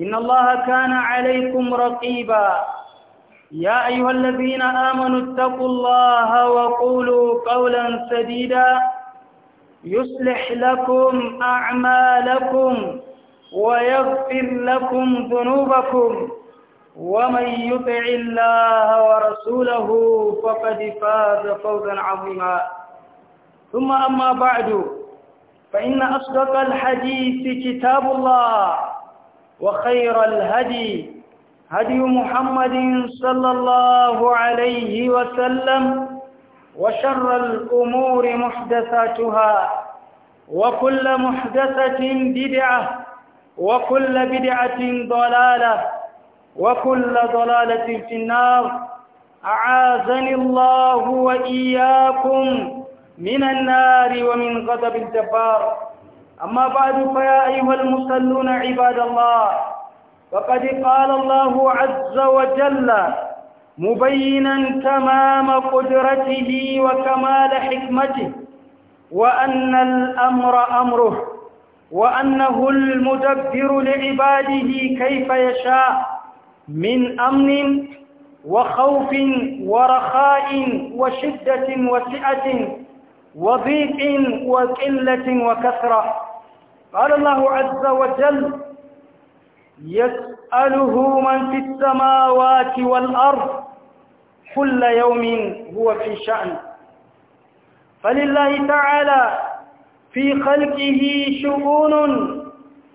إن الله كان عليكم رقيبا يا أيها الذين آمنوا اتقوا الله وقولوا قولا سديدا يصلح لكم أعمالكم ويغفر لكم ذنوبكم ومن يطع الله ورسوله فقد فاز فوزا عظيما ثم أما بعد فإن أصدق الحديث كتاب الله وخير الهدي هدي محمد صلى الله عليه وسلم وشر الأمور محدثاتها وكل محدثة بدعة وكل بدعة ضلالة وكل ضلالة في النار أعاذني الله وإياكم من النار ومن غضب الجبار أما بعد فيا أيها المصلون عباد الله وقد قال الله عز وجل مبينا تمام قدرته وكمال حكمته وأن الأمر أمره وأنه المدبر لعباده كيف يشاء من أمن وخوف ورخاء وشدة وسعة وضيق وقلة وكثرة قال الله عز وجل يسأله من في السماوات والأرض كل يوم هو في شأن فلله تعالى في خلقه شؤون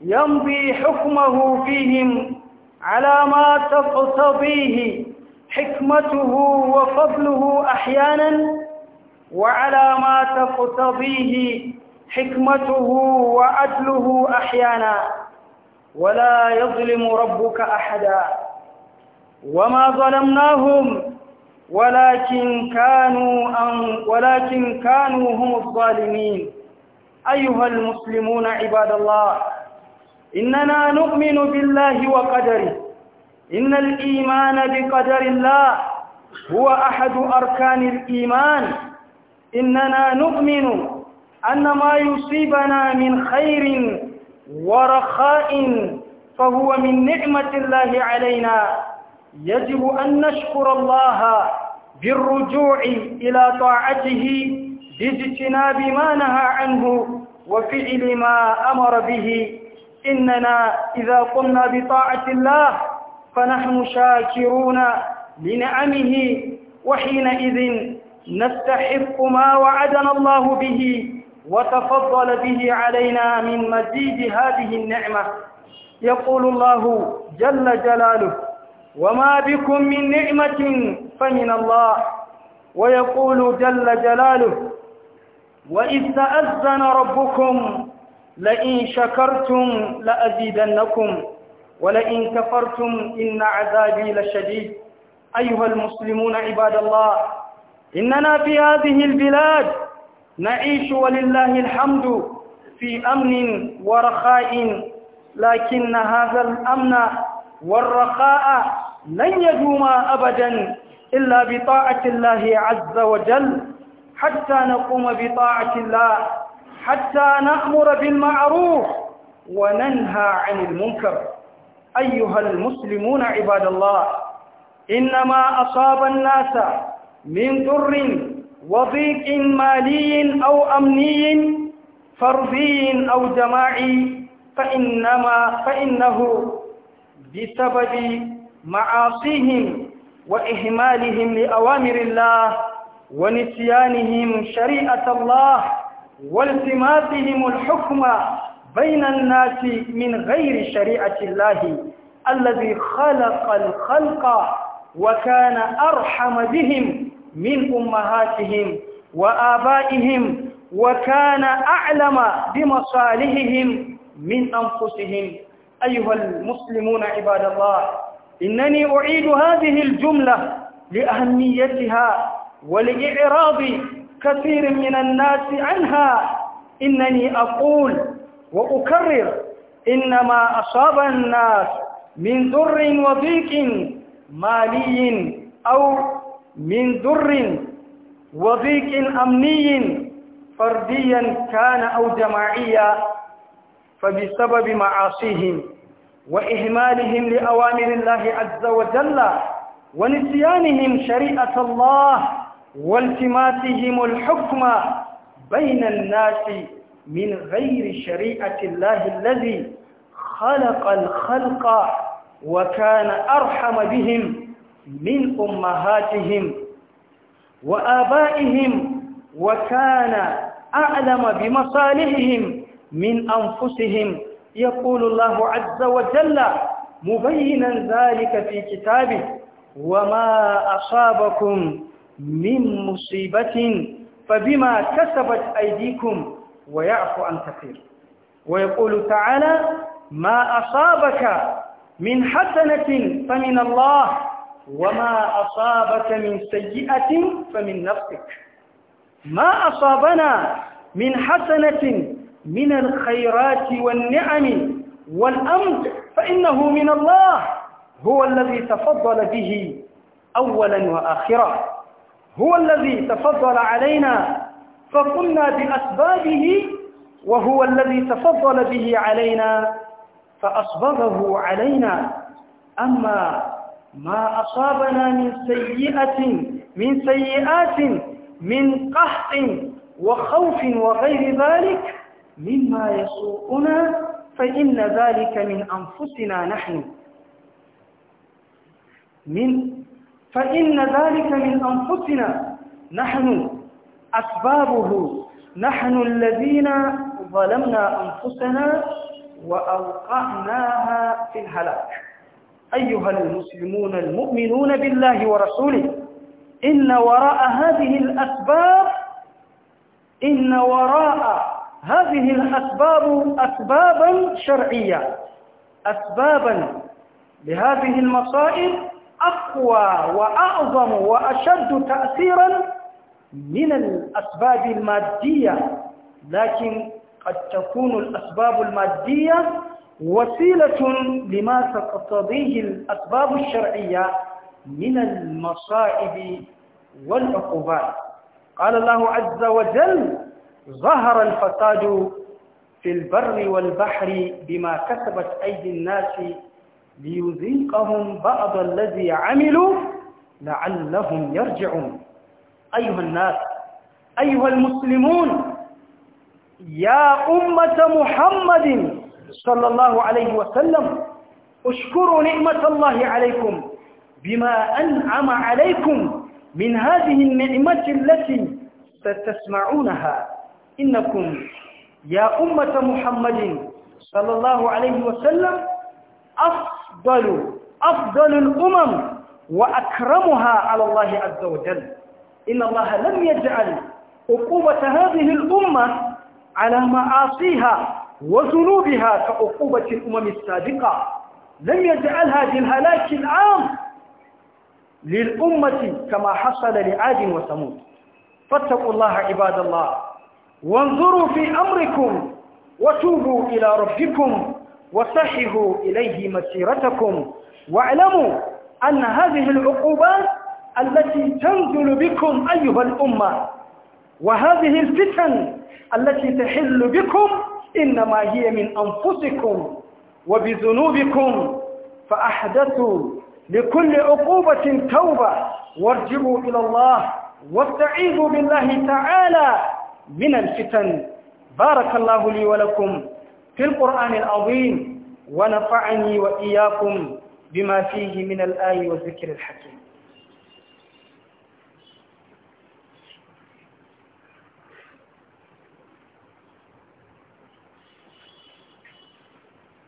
يمضي حكمه فيهم على ما تقتضيه حكمته وفضله أحيانا وعلى ما تقتضيه حكمته وعدله أحيانا ولا يظلم ربك أحدا وما ظلمناهم ولكن كانوا أن ولكن كانوا هم الظالمين أيها المسلمون عباد الله إننا نؤمن بالله وقدره إن الإيمان بقدر الله هو أحد أركان الإيمان إننا نؤمن أن ما يصيبنا من خير ورخاء فهو من نعمة الله علينا يجب أن نشكر الله بالرجوع إلى طاعته باجتناب ما نهى عنه وفعل ما أمر به إننا إذا قمنا بطاعة الله فنحن شاكرون لنعمه وحينئذ نستحق ما وعدنا الله به وتفضل به علينا من مزيد هذه النعمة يقول الله جل جلاله وما بكم من نعمة فمن الله ويقول جل جلاله وإذ تأذن ربكم لئن شكرتم لأزيدنكم ولئن كفرتم إن عذابي لشديد أيها المسلمون عباد الله إننا في هذه البلاد نعيش ولله الحمد في أمن ورخاء لكن هذا الأمن والرخاء لن يدوم أبدا إلا بطاعة الله عز وجل حتى نقوم بطاعة الله حتى نأمر بالمعروف وننهى عن المنكر أيها المسلمون عباد الله إنما أصاب الناس من ضر وضيق مالي أو أمني فردي أو جماعي فإنما فإنه بسبب معاصيهم وإهمالهم لأوامر الله ونسيانهم شريعة الله والتماسهم الحكم بين الناس من غير شريعة الله الذي خلق الخلق وكان أرحم بهم من أمهاتهم وآبائهم وكان أعلم بمصالحهم من أنفسهم أيها المسلمون عباد الله إنني أعيد هذه الجملة لأهميتها ولإعراض كثير من الناس عنها إنني أقول وأكرر إنما أصاب الناس من ذر وضيق مالي أو من در وضيق أمني فرديا كان أو جماعيا فبسبب معاصيهم وإهمالهم لأوامر الله عز وجل ونسيانهم شريعة الله والتماسهم الحكم بين الناس من غير شريعة الله الذي خلق الخلق وكان أرحم بهم من أمهاتهم وآبائهم وكان أعلم بمصالحهم من أنفسهم يقول الله عز وجل مبينا ذلك في كتابه وما أصابكم من مصيبة فبما كسبت أيديكم ويعفو عن كثير ويقول تعالى ما أصابك من حسنة فمن الله وما أصابك من سيئة فمن نفسك ما أصابنا من حسنة من الخيرات والنعم والأمر فإنه من الله هو الذي تفضل به أولا وآخرا هو الذي تفضل علينا فقلنا بأسبابه وهو الذي تفضل به علينا فأصبغه علينا أما ما أصابنا من سيئة من سيئات من قحط وخوف وغير ذلك مما يسوءنا فإن ذلك من أنفسنا نحن من فإن ذلك من أنفسنا نحن أسبابه نحن الذين ظلمنا أنفسنا وأوقعناها في الهلاك أيها المسلمون المؤمنون بالله ورسوله إن وراء هذه الأسباب إن وراء هذه الأسباب أسبابا شرعية أسبابا لهذه المصائب أقوى وأعظم وأشد تأثيرا من الأسباب المادية لكن قد تكون الأسباب المادية وسيلة لما تقتضيه الأسباب الشرعية من المصائب والعقوبات قال الله عز وجل ظهر الفساد في البر والبحر بما كسبت أيدي الناس ليذيقهم بعض الذي عملوا لعلهم يرجعون أيها الناس أيها المسلمون يا أمة محمد صلى الله عليه وسلم اشكروا نعمة الله عليكم بما أنعم عليكم من هذه النعمة التي ستسمعونها إنكم يا أمة محمد صلى الله عليه وسلم أفضل أفضل الأمم وأكرمها على الله عز وجل إن الله لم يجعل عقوبة هذه الأمة على معاصيها وذنوبها كعقوبة الأمم السابقة لم يجعلها بالهلاك العام للأمة كما حصل لعاد وثمود فاتقوا الله عباد الله وانظروا في أمركم وتوبوا إلى ربكم وصححوا إليه مسيرتكم واعلموا أن هذه العقوبات التي تنزل بكم أيها الأمة وهذه الفتن التي تحل بكم إنما هي من أنفسكم وبذنوبكم فأحدثوا لكل عقوبة توبة وارجعوا إلى الله واستعيذوا بالله تعالى من الفتن بارك الله لي ولكم في القرآن العظيم ونفعني وإياكم بما فيه من الآي والذكر الحكيم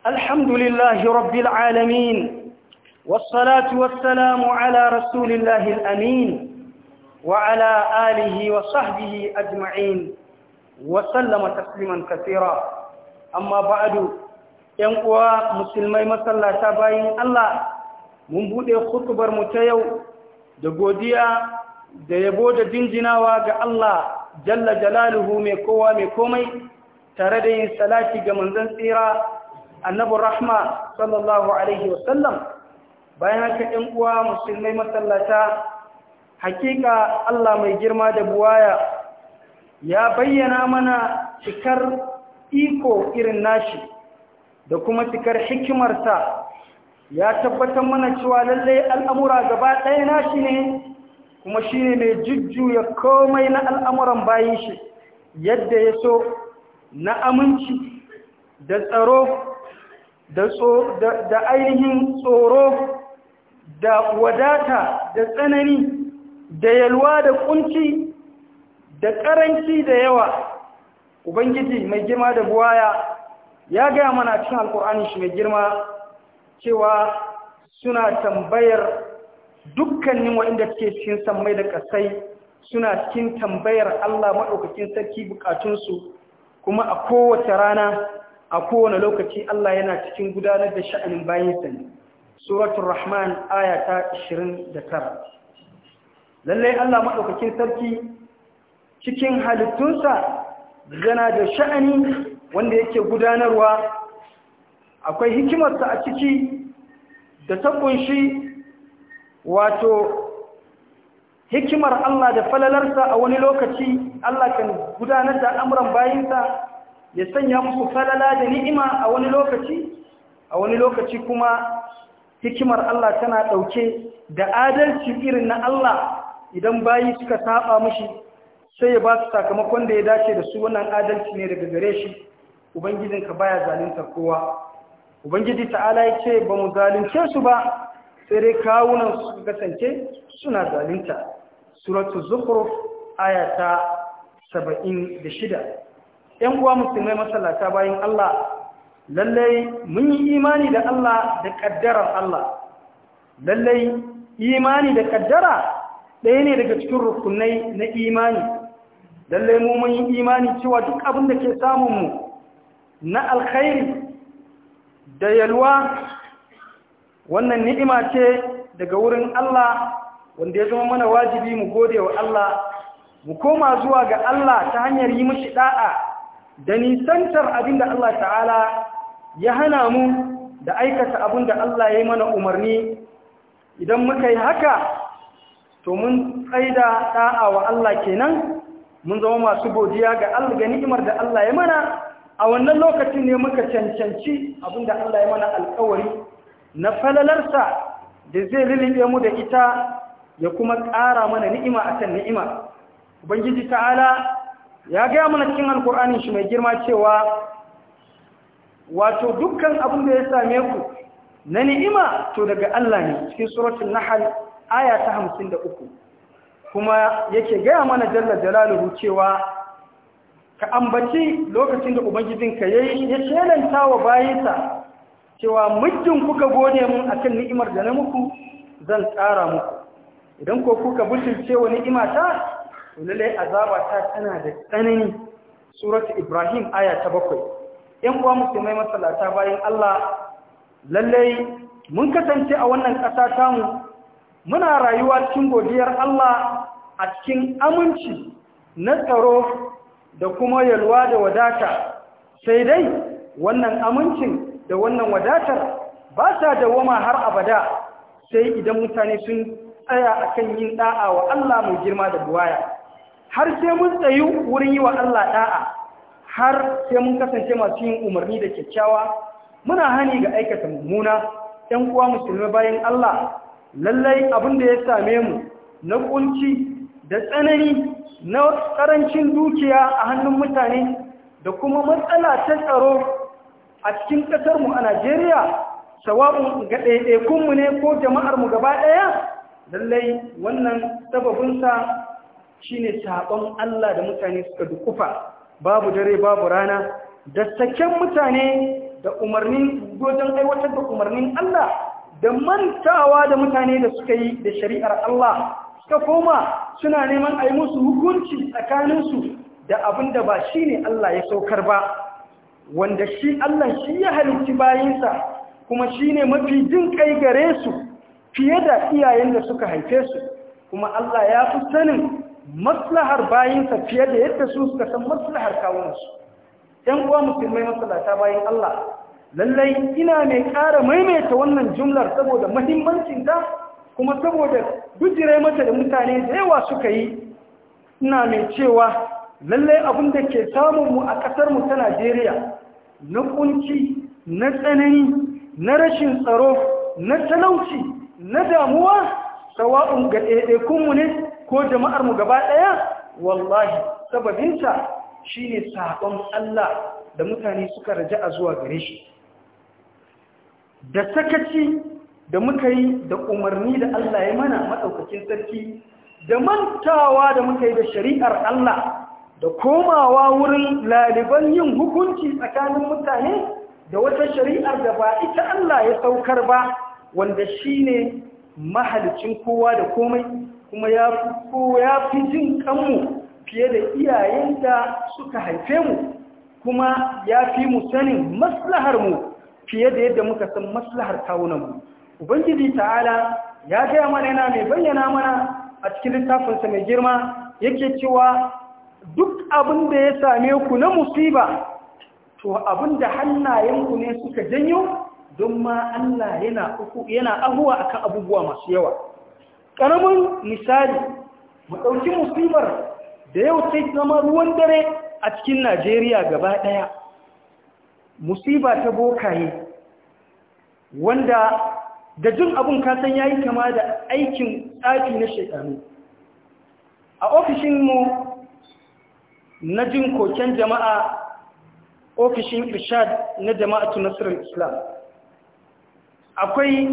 الحمد لله رب العالمين والصلاة والسلام على رسول الله الأمين وعلى آله وصحبه أجمعين وسلم تسليما كثيرا أما بعد ينقوى مسلمي مسلا تابعين الله mun buɗe hutubar mu ta yau da godiya da yabo da jinjinawa ga Allah jalla jalaluhu mai kowa mai komai tare da yin salati ga manzon tsira annabi rahma sallallahu alaihi wasallam bayan haka ɗan uwa musulmai masallata hakika Allah mai girma da buwaya ya bayyana mana cikar iko irin nashi da kuma cikar hikimarsa ya tabbatar mana cewa lallai al'amura gaba ɗaya nashi ne kuma shi ne mai jujjuya komai na al'amuran bayan shi yadda ya so na aminci da tsaro da ainihin tsoro da wadata da tsanani da yalwa da kunci da karanci da yawa ubangiji mai girma da buwaya ya gaya mana cin alkur'ani shi mai girma cewa suna tambayar dukkanin waɗanda suke cikin sammai da ƙasai suna cikin tambayar Allah maɗaukakin sarki bukatunsu kuma a kowace rana a kowane lokaci Allah yana cikin gudanar da sha'anin bayansa ne Suratun rahman aya ta 29 lallai Allah maɗaukakin sarki cikin halittunsa yana da sha'ani wanda yake gudanarwa akwai hikimarsa a ciki da ta ƙunshi, wato hikimar Allah da falalarsa a wani lokaci Allah kan gudanar da amuran bayinsa ya sanya musu falala da ni'ima a wani lokaci a wani lokaci kuma hikimar Allah tana ɗauke da adalci irin na Allah idan bayi suka saba mushi sai ya ba su sakamakon da ya dace da su wannan adalci ne daga gare shi ubangijinka baya zalunta kowa ubangiji ta'ala ya ce ba mu zalunce su ba sai dai kawunan su kasance suna zalunta suratu zukhruf ayata 76 ‘yan uwa musulmai masallata bayan Allah lallai mun yi imani da Allah da ƙaddarar Allah lallai imani da ƙaddara ɗaya ne daga cikin rukunai na imani lallai mu mun yi imani cewa duk abin da ke samunmu na alkhairi da yalwa wannan ni'ima ce daga wurin Allah wanda ya zama mana wajibi mu gode wa Allah mu koma zuwa ga Allah ta hanyar yi mashi da'a da nisantar abin Allah ta'ala ya hana mu da aikata abin da Allah ya yi mana umarni idan muka yi haka to mun tsaida ɗa'a wa Allah kenan mun zama masu godiya ga Allah ga ni'imar da Allah ya mana a wannan lokacin ne muka cancanci abin da Allah ya mana alkawari na falalarsa da zai lilibe mu da ita ya kuma ƙara mana ni'ima a akan ni'ima ubangiji ta'ala ya gaya mana cikin alkur'anin shi mai girma cewa wato dukkan abin da ya same ku na ni'ima to daga Allah ne cikin suratul nahl aya ta uku. kuma yake gaya mana jalla jalaluhu cewa ka ambaci lokacin da ubangijinka yayi ya shelanta wa bayinsa cewa muddin kuka gode mun akan ni'imar da na muku zan tsara muku idan ko kuka butulce wa ni'imata lallai azaba ta tana da tsanani suratu ibrahim aya ta bakwai yan uwa musulmai masallata bayan Allah lallai mun kasance a wannan ƙasa tamu muna rayuwa cikin godiyar Allah a cikin aminci na tsaro da kuma yalwa da wadata sai dai wannan amincin da wannan wadatar ba sa dawoma har abada sai idan mutane sun tsaya akan yin da'a wa Allah mai girma da buwaya har sai mun tsayu wurin yi wa Allah da'a har sai mun kasance masu yin umarni da kyakkyawa muna hani ga aikata mummuna ɗan uwa musulmi bayan Allah lallai abin da ya same mu na kunci da tsanani na ƙarancin dukiya a hannun mutane da kuma matsala ta tsaro a cikin ƙasarmu a Najeriya sawa'un ga mu ne ko jama'armu gaba ɗaya lallai wannan sababinsa shine sabon Allah da mutane suka dukufa babu dare babu rana da saken mutane da umarnin gojin aiwatar da umarnin Allah da mantawa da mutane da suka yi da shari'ar Allah suka koma suna neman a yi musu hukunci tsakaninsu da abin da ba shi ne Allah ya saukar ba wanda shi Allah shi ya halitti bayinsa kuma shi ne mafi jin kai gare su fiye da iyayen da suka haife su kuma Allah ya fi sanin maslahar bayinsa fiye da yadda su suka san maslahar kawunansu ‘yan uwa musulmai masalata bayan Allah lallai ina mai ƙara maimaita wannan jumlar saboda mahimmancinta kuma saboda gujirai mata da mutane da yawa suka yi ina mai cewa lallai abin da ke samun mu a ƙasarmu ta Najeriya na ƙunci na tsanani na rashin tsaro na talauci na damuwa sawa'un ga ɗaiɗaikunmu ne ko jama'ar mu gaba daya wallahi sababinta shine sabon Allah da mutane suka raja'a zuwa gare shi da sakaci da muka yi da umarni da Allah ya mana madaukakin sarki da mantawa da muka yi da shari'ar Allah da komawa wurin laliban yin hukunci tsakanin mutane da wata shari'ar da ba ita Allah ya saukar ba wanda shine mahalicin kowa da komai kuma ya fi jin kanmu fiye da iyayen suka haife mu kuma ya fi mu sanin maslaharmu fiye da yadda muka san maslahar kawunanmu ubangiji ta'ala ya gaya mana yana mai bayyana mana a cikin littafinsa mai girma yake cewa duk abin da ya same ku na musiba to abin da hannayenku ne suka janyo don ma Allah yana ahuwa akan abubuwa masu yawa ƙaramin misali mu ɗauki musibar da yau sai zama ruwan dare a cikin najeriya gaba ɗaya musiba ta bokaye wanda da jin abin kasan ya yi kama da aikin tsafi na shekaru a ofishinmu na jin koken jama'a ofishin irshad na jama'a nasarar islam akwai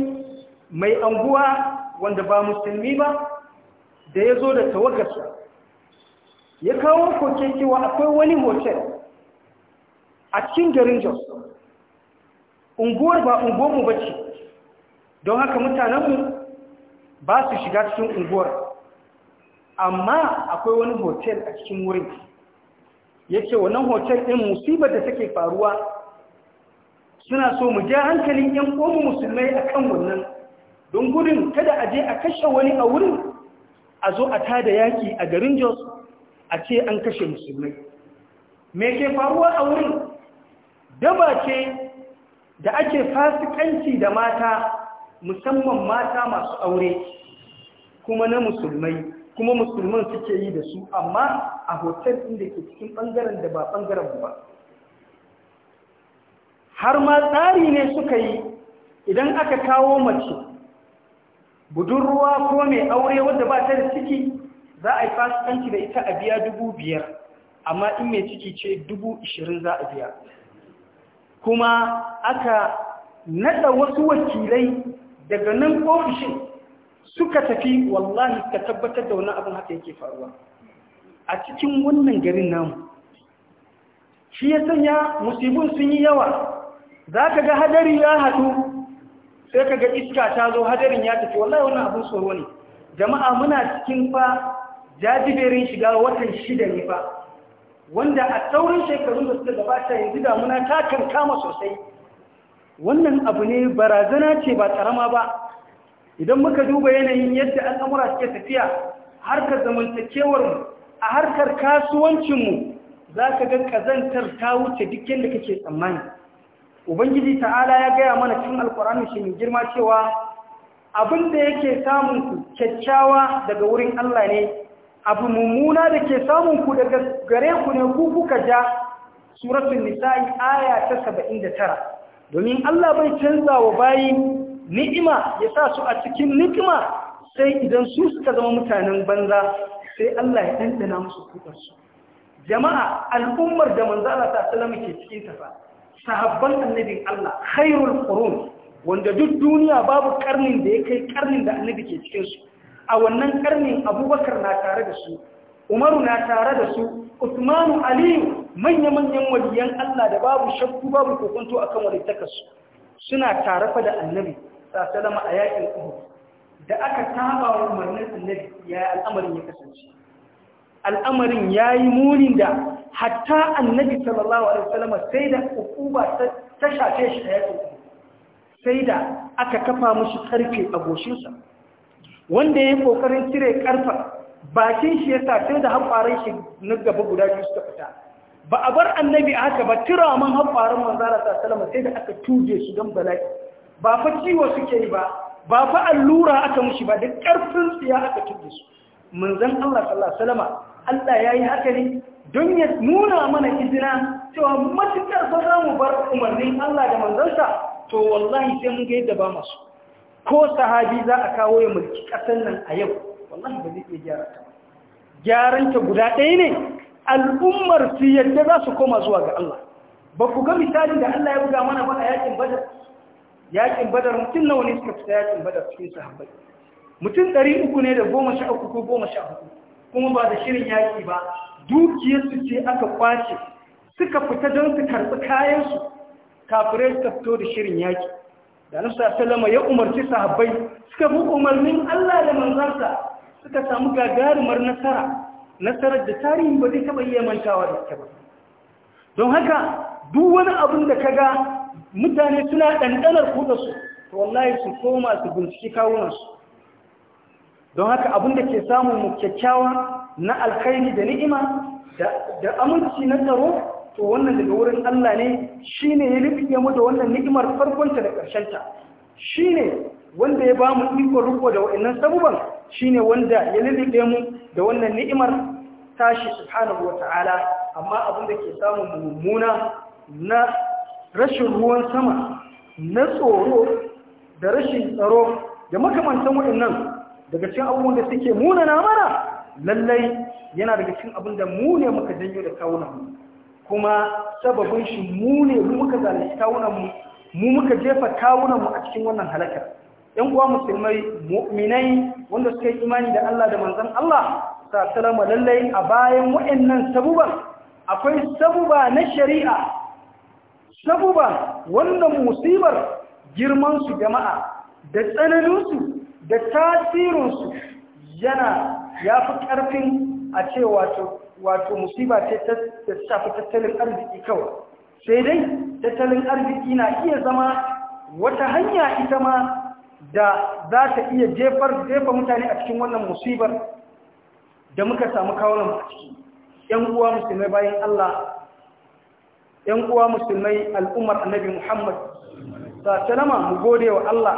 mai anguwa wanda ba musulmi ba da ya zo da tawagarsa ya kawo koke cewa akwai wani hotel a cikin garin jos unguwar ba unguwarmu ba ce don haka mutanenmu ba su shiga cikin unguwar amma akwai wani hotel a cikin wurin ya ce wannan hotel ɗin musibar da take faruwa suna so mu ja hankalin ƴan ƙomu musulmai akan kan wannan don gudun kada a je a kashe wani a wurin a zo a tada yaƙi a garin jos a ce an kashe musulmai me ke faruwa a wurin daba ce da ake fasikanci da mata musamman mata masu aure kuma na musulmai kuma musulman suke yi da su amma a hotel inda ke cikin ɓangaren da ba ɓangaren ba har ma tsari ne suka yi idan aka kawo mace budurwa ko mai aure wadda ba ta da ciki za a yi fasikanci da ita a biya dubu biyar amma in mai ciki ce dubu ishirin za a biya kuma aka nada wasu wakilai daga nan ofishin suka tafi wallahi ka tabbatar da wani abin haka yake faruwa a cikin wannan garin namu shi ya sanya musibin sun yi yawa za ka ga hadari ya haɗu sai ga iska ta zo hadarin ya tafi wallahi wannan abin tsoro ne jama'a muna cikin fa jajiberin shiga watan shida ne fa wanda a saurin shekarun da suka gabata yanzu muna ta kankama sosai wannan abu ne barazana ce ba karama ba idan muka duba yanayin yadda al'amura suke tafiya harkar mu a harkar kasuwancinmu za ka ga kazantar ta wuce duk yadda kake tsammani ubangiji ta'ala ya gaya mana cin alkur'ani shi mai girma cewa abin da yake samun ku kyakkyawa daga wurin Allah ne abu mummuna da ke samun ku daga gare ku ne ku kuka ja suratul nisa'i aya ta tara. domin Allah bai canza wa bayi ni'ima ya sa su a cikin ni'ima sai idan su suka zama mutanen banza sai Allah ya dandana musu kudarsu jama'a al'ummar da manzala ta sallama ke cikin tafa sahabban annabin Allah khairul qurun wanda duk duniya babu karnin da ya kai karnin da annabi ke cikin su a wannan karnin abubakar na tare da su umaru na tare da su usmanu aliyu manya-manyan waliyan Allah da babu shakku babu kokonto akan walittakarsu suna tare fa da annabi salama a yakin uhud da aka taba wa umarnin annabi ya al'amarin ya kasance al'amarin ya yi munin da hatta annabi sallallahu alaihi wasallam sai da hukuma ta shafe shi da yake sai da aka kafa mushi karfe a goshinsa wanda yayin kokarin cire karfa bakin shi yasa sai da hakwaran shi na gaba guda biyu suka fita ba a bar annabi aka ba tira man hakwaran manzara sallallahu alaihi wasallam sai da aka tuje su dan bala'i ba fa ciwo suke yi ba ba fa allura aka mushi ba duk karfin tsiya aka tuje su manzon Allah sallallahu alaihi wasallam Allah yayi haka ne don ya nuna mana izina cewa matuƙar ba za mu bar umarnin Allah da manzansa to wallahi sai mun ga yadda ba masu ko sahabi za a kawo ya mulki ƙasar nan a yau wallahi ba zai iya gyara ta gyaran ta guda ɗaya ne al'ummar su yadda za su koma zuwa ga Allah ba ku ga misali da Allah ya buga mana ba a yakin badar yakin badar mutum nawa ne suka fita yakin badar cikin sahabbai mutum ɗari uku ne da goma sha uku ko goma sha hudu kuma ba da shirin yaƙi ba dukiyarsu ce aka kwace suka fita don su karɓi kayansu kafirai suka fito da shirin yaƙi da nasa salama ya umarci sahabbai suka bi umarnin Allah da manzansa suka samu gagarumar nasara nasarar da tarihin ba zai taɓa iya mantawa da ita ba don haka duk wani abin da ga mutane suna ɗanɗanar kuɗa to wallahi su koma su binciki kawunansu don haka abin da ke samun mu kyakkyawa na alkhairi da ni'ima da aminci na tsaro to wannan daga wurin Allah ne shine ya rufe mu da wannan ni'imar farkonta da ƙarshenta ne wanda ya ba mu ikon riko da wa'annan sabuban shine wanda ya lulluɓe mu da wannan ni'imar tashi subhanahu ta'ala. amma abin da ke samun mummuna na rashin ruwan sama na tsoro da rashin tsaro da makamantan wa'annan daga cikin abubuwan da suke na mana lallai yana daga cikin abin da mu ne muka janyo da kawunanmu kuma sababin shi mu ne mu muka zalunci kawunanmu mu muka jefa kawunanmu a cikin wannan halakar yan uwa musulmai mu'minai wanda suka yi imani da Allah da manzan Allah sallama lallai a bayan waɗannan sabuba akwai sabuba na shari'a sabuba wannan musibar girmansu jama'a da tsananinsu da tasirinsu yana ya fi ƙarfin a ce wato musiba ce ta shafi tattalin arziki kawai sai dai tattalin arziki na iya zama wata hanya ita ma da za ta iya jefar jefa mutane a cikin wannan musibar da muka samu kawunan a ciki ‘yan uwa musulmai bayan Allah ‘yan uwa musulmai al'ummar annabi Muhammad ta salama mu gode wa Allah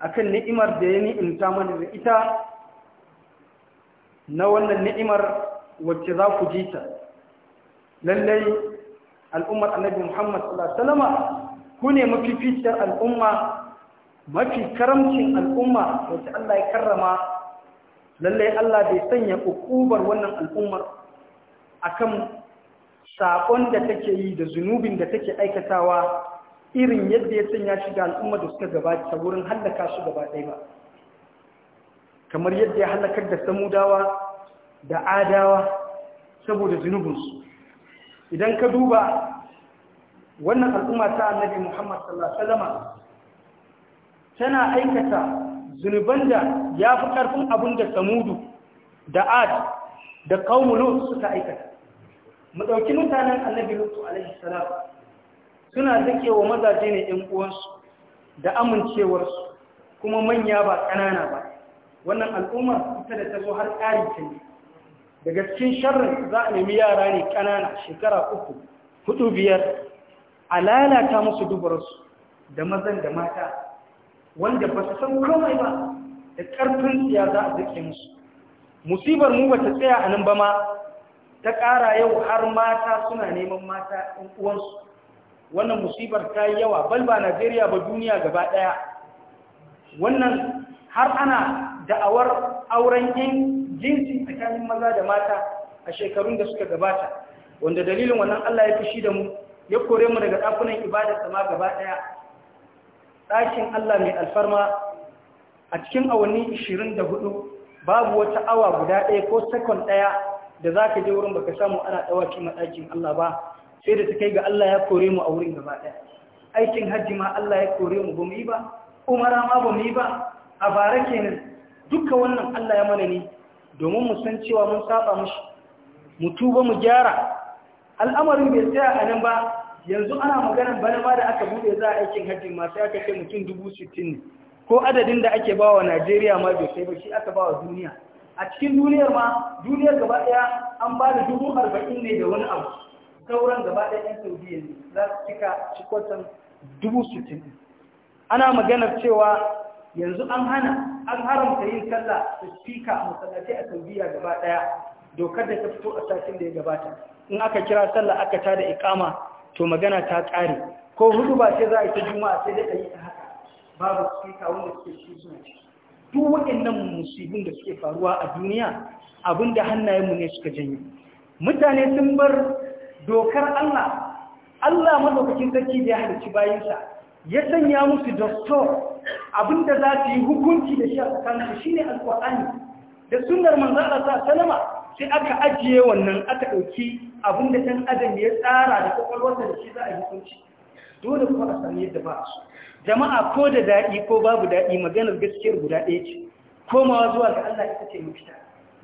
akan ni'imar da ya ni'imta mana da ita na wannan ni'imar wacce za ku ji ta lallai al'ummar annabi muhammad sallallahu ku ne fitar al'umma mafi karamcin al'umma wacce allah ya karrama lallai allah bai sanya ukubar wannan al'ummar akan saƙon da take yi da zunubin da take aikatawa irin yadda ya sanya shi ga al'umma da suka gabata wurin hallaka su gaba ɗaya ba kamar yadda ya halakar da samudawa da adawa saboda zunubinsu idan ka duba wannan al'umma ta annabi muhammad sallallahu alaihi tana aikata zunuban da ya fi ƙarfin abin da samudu da ad da kawulo suka aikata mu ɗauki mutanen annabi lutu alaihi salam suna wa mazaje ne ‘yan uwansu da amincewarsu kuma manya ba ƙanana ba wannan al'umma ita da ta zo har ƙari ta daga cikin sharrin za a nemi yara ne ƙanana shekara uku hudu biyar a lalata musu dubarsu da mazan da mata wanda ba su san komai ba da ƙarfin siya za a zake musu musibar mu ba ta tsaya a nan ba ma ta ƙara yau har mata suna neman mata ɗan uwansu wannan musibar ta yi yawa balba najeriya ba duniya gaba ɗaya wannan har ana da'awar auren jinsi tsakanin maza da mata a shekarun da suka gabata wanda dalilin wannan Allah ya fushi da mu ya kore mu daga ɗakunan ibadar sama gaba ɗaya ɗakin Allah mai alfarma a cikin awanni 24 babu wata awa guda ɗaya ko sakon ɗaya da za ka je wurin baka samu ana ɗawaki maɗakin Allah ba sai da ta kai ga Allah ya kore mu a wurin gaba ɗaya aikin hajji ma Allah ya kore mu ba mu yi ba umara ma ba mu yi ba a bara kenan duka wannan Allah ya mana ne domin mu san cewa mun saba mushi mu tuba mu gyara al'amarin bai tsaya a nan ba yanzu ana maganar bana ma da aka bude za a aikin hajji masu aka kai mutum dubu sittin ne ko adadin da ake bawa Najeriya ma bai kai ba shi aka bawa duniya a cikin duniyar ma duniyar gaba ɗaya an ba da dubu arba'in ne da wani abu sauran gaba daya ɗan saudiya ne za su cika cikwatan dubu sittin ana maganar cewa yanzu an hana an haramta yin sallah da spika a masallaci a saudiya gaba daya dokar da ta fito a satin da ya gabata in aka kira sallah aka tada ikama to magana ta kare ko hudu ba sai za a yi ta juma'a sai da yi ta haka babu spika wanda suke shi suna duk waɗannan musibin da suke faruwa a duniya abinda hannayenmu ne suka janyo mutane sun bar dokar Allah Allah madaukakin sarki da ya halicci bayinsa, ya sanya musu doctor abinda za su yi hukunci da shi a tsakanin shi ne alkwa'ani da sunnar manzan Allah sa salama sai aka ajiye wannan aka ɗauki abinda can adam ya tsara da kwakwalwarsa da shi za a yi hukunci dole kuma a sami yadda ba su jama'a ko da daɗi ko babu daɗi maganar gaskiyar guda ɗaya ce komawa zuwa ga Allah ita ce mafita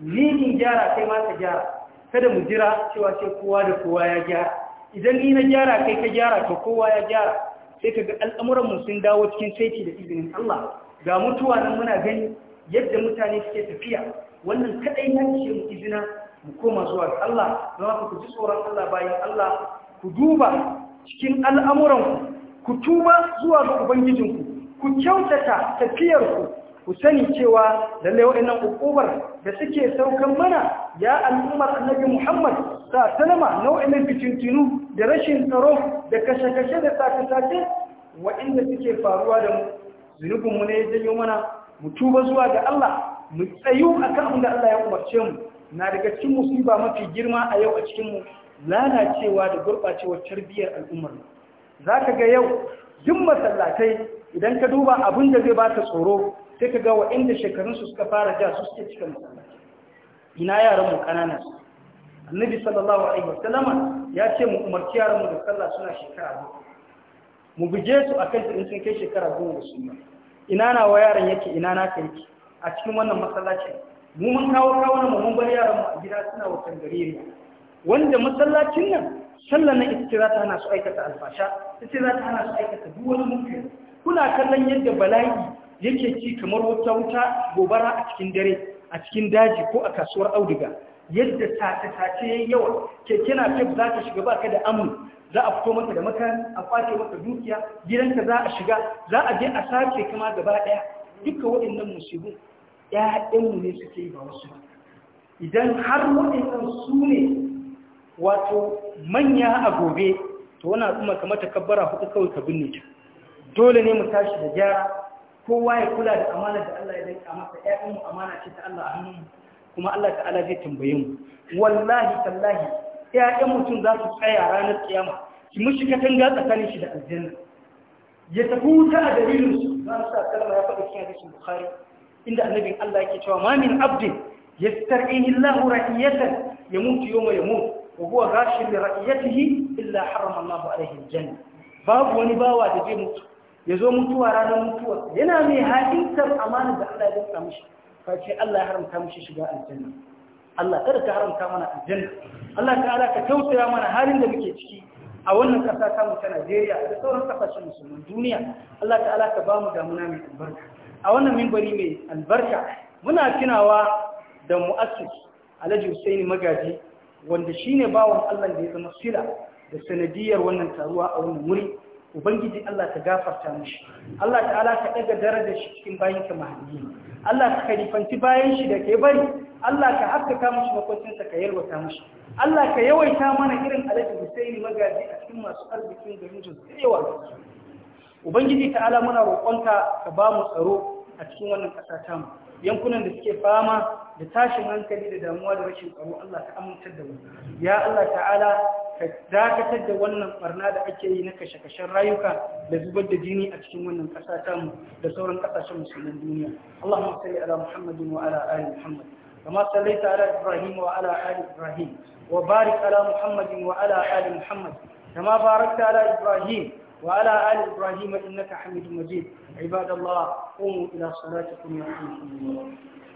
ni in gyara kai ma ka gyara kada mu jira cewa sai kowa da kowa ya gyara idan ni na gyara kai ka gyara to kowa ya gyara sai ka ga al'amuranmu sun dawo cikin saiti da izinin Allah ga mutuwa nan muna gani yadda mutane suke tafiya wannan kaɗai ya ce mu izina mu koma zuwa ga Allah don haka ku ji tsoron Allah bayan Allah ku duba cikin al'amuranku ku tuba zuwa ga Ubangijinku ku kyautata tafiyarku ku sani cewa lallai waɗannan ukubar da suke saukan mana ya al'ummar annabi Muhammad sa salama nau'in fitintinu da rashin tsaro da kashe-kashe da safe-sake wa inda suke faruwa da mu zunubinmu ne ya janyo mana mu tuba zuwa ga Allah mu tsayu a kan da Allah ya umarce mu na daga cikin musiba mafi girma a yau a cikinmu lalacewa da gurɓacewar tarbiyyar al'ummar za ka ga yau duk masallatai idan ka duba abin da zai ba tsoro sai ka ga wainda shekarunsu suka fara ja su suke cika masallaci ina yaran mu su annabi sallallahu alaihi wasallama ya ce mu umarci yaran mu da sallah suna shekara goma mu guje su akan su in sun kai shekara goma da sunna ina na wa yaran yake ina na ka yake a cikin wannan masallaci mu mun kawo kawo na mun bar yaran mu a gida suna watan gare ni wanda masallacin nan sallar na ita za ta hana su aikata alfasha ita za ta hana su aikata duk wani mutum kuna kallon yadda bala'i yake ci kamar wuta wuta gobara a cikin dare a cikin daji ko a kasuwar auduga yadda tace-tace ya yawa keke na za ka shiga ba ka da amin za a fito maka da makani a kwace maka dukiya gidanka za a shiga za a je a sace kama gaba ɗaya duka waɗannan musibin ‘ya'yanmu ne suke yi ba wasu ba idan har waɗannan su ne wato manya a gobe to wani al'umma kamar ta kabbara hudu kawai ka binne ta dole ne mu tashi da gyara kowa ya kula da amana da Allah ya kama, ‘ya'yanmu amana ce ta Allah a hannunmu kuma Allah ta'ala zai tambaye mu wallahi tallahi ƴaƴan mutum za su tsaya ranar kiyama ki mushi katanga tsakanin shi da aljanna ya tafi wuta a dalilin su za su sa kalma ya faɗa cikin hadisin bukhari inda annabin Allah yake cewa ma min abdin yastar'ihi Allah ra'iyatan yamutu yawma yamut wa huwa ghashin li ra'iyatihi illa harrama Allah alaihi aljanna babu wani bawa da zai mutu ya zo mutuwa ranar mutuwa yana mai haɗin kan amana da Allah ya dinka mishi ka Allah ya haramta mu shiga aljanna Allah kada ka haramta mana aljanna Allah ta'ala ka tausaya mana halin da muke ciki a wannan ƙasa ta mu ta Najeriya da sauran ƙasashen musulmai duniya Allah ta'ala ka ba mu damuna mai albarka a wannan mimbari mai albarka muna tunawa da mu'assis Alhaji Hussein Magaji wanda shine bawon Allah da ya zama sila da sanadiyar wannan taruwa a wannan wuri ubangiji Allah ka gafarta mishi Allah ta'ala ka ɗaga darajar shi cikin bayanka ka mahalli Allah ka kalifanci bayan shi da ke bari Allah ka haskaka mishi makwancin sa ka yalwata mishi Allah ka yawaita mana irin Alhaji Husaini magaji a cikin masu arzikin garin Jazzarewa ubangiji ta'ala muna roƙonka ka ba mu tsaro a cikin wannan ƙasa ta mu yankunan da suke fama da tashin hankali da damuwa da rashin tsaro Allah ka amintar da mu ya Allah ta'ala ka dakatar da wannan barna da ake yi na kashe-kashen rayuka da zubar da jini a cikin wannan ƙasa tamu da sauran ƙasashen musulman duniya Allahumma salli ala Muhammadin wa ala ali Muhammad kama sallaita ala Ibrahim wa ala ali Ibrahim wa barik ala Muhammadin wa ala ali Muhammad kama barakta ala Ibrahim wa ala ali Ibrahim innaka Hamidum Majid ibadallah qumu ila salatikum yarhamukumullah